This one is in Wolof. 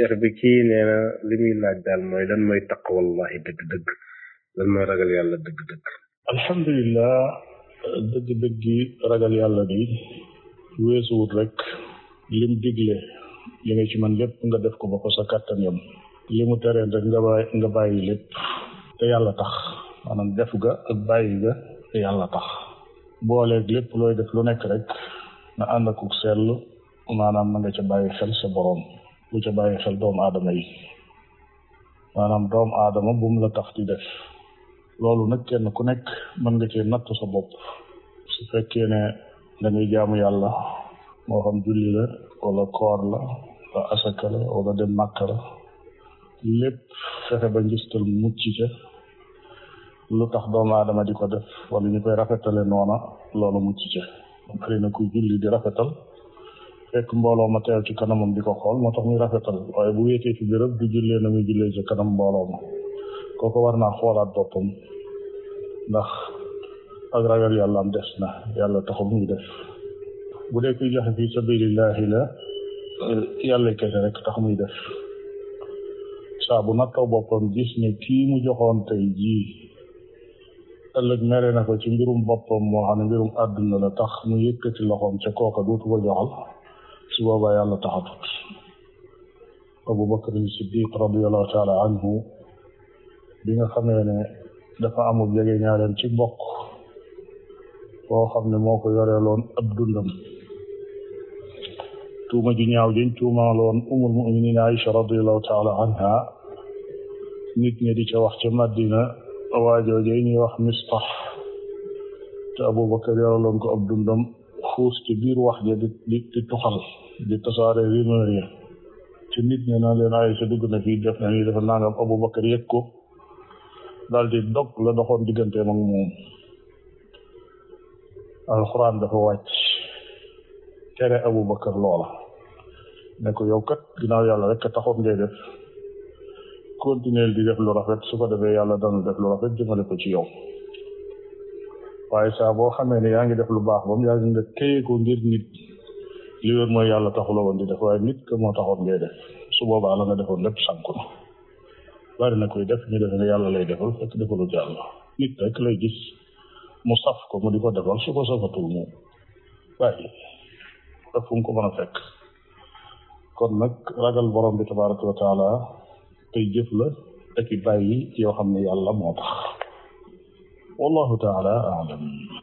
cheikh bi kii nee na li muy laaj daal mooy lan mooy taqwallahi dëgg-dëgg lan mooy ragal yàlla dëgg-dëgg alhamdulilah dëgg-dëggi ragal yàlla bi weesuwut rek lim digle li nga ci man lépp nga def ko ba ko sa kàttan yam li mu tereen rek nga bàyyi nga lépp te yàlla tax maanaam def ga ak bàyyi ga te yàlla tax booleeg lépp looy def lu nekk rek na ànd akuk seetlu maanaam na nga ca bàyyi xel sa boroom bu ca bàyyi xel doomu aadama yi maanaam doomu aadama bu la tax di def loolu nag kenn ku nekk mën nga cee natt sa bopp su fekkee ne da ngay jaamu yàlla moo xam julli la wala koor la wala asaka la wala dem màkka la lépp fexe ba ngistal mucc ca lu tax doomu aadama di ko def wala ñu koy rafetale noona loolu mucc ca xëy na julli di rafetal fekk mbooloo ma teew ci kanamam di ko xool moo tax muy rafetal waaye bu wéetee ci béréb du jullee na muy jullee ci kanam mbooloo ma kooku war na xoolaat boppam ndax ak ragal yàlla am des na yàlla taxul muy def bu dee kuy joxe fi sabilillahi la yàlla kese rek tax muy def saa bu nattoo boppam gis ne kii mu joxoon tey jii ëllëg mere na ko ci mbirum boppam moo xam ne mbirum àdduna la tax mu yëkkati loxoom ca kooka dootu ko joxal su boobaa yàlla taxatut abu bakar siddiq radiallahu taala anhu bi nga xamee ne dafa amul jege ñaareel ci mbokk boo xam ne moo ko loon ab dundam tuuma ji ñaaw jën tuumaaloon umul muminin aïcha radiallahu taala anha nit ñi di ca wax ca madina waajoojey ñuy wax mistax te abu bakar yoreeloon ko ab xuus ci biir wax ja di di di tuxal di tasaare rumeur ya ci nit ñi naan leen ay sa dugg na fii def na nii dafa nangam Abu Bakar yëg ko daal di dog la doxoon digganteem ak moom alxuraan dafa wàcc tere Abu Bakar loola ne ko yow kat ginnaaw yàlla rek a taxoon ngay def continuer di def lu rafet su ko defee yàlla dana def lu rafet jëmale ko ci yow waaye saa boo xamee ne yaa ngi def lu baax ba mu yaa ngi nga téye ko ngir nit li wér mooy yàlla taxula woon di def waaye nit ko moo taxoon ngay def su boobaa la nga defoon lépp sànku na bari na koy def ñu def ne yàlla lay defal fekk defalut yàlla nit rek lay gis mu saf ko mu di ko defal su ko safatul mu bàyyi rek fu ko mën a fekk kon nag ragal borom bi tabaraka tey jëf la ak i bàyyi yoo xam ne yàlla moo tax wallahu taala alam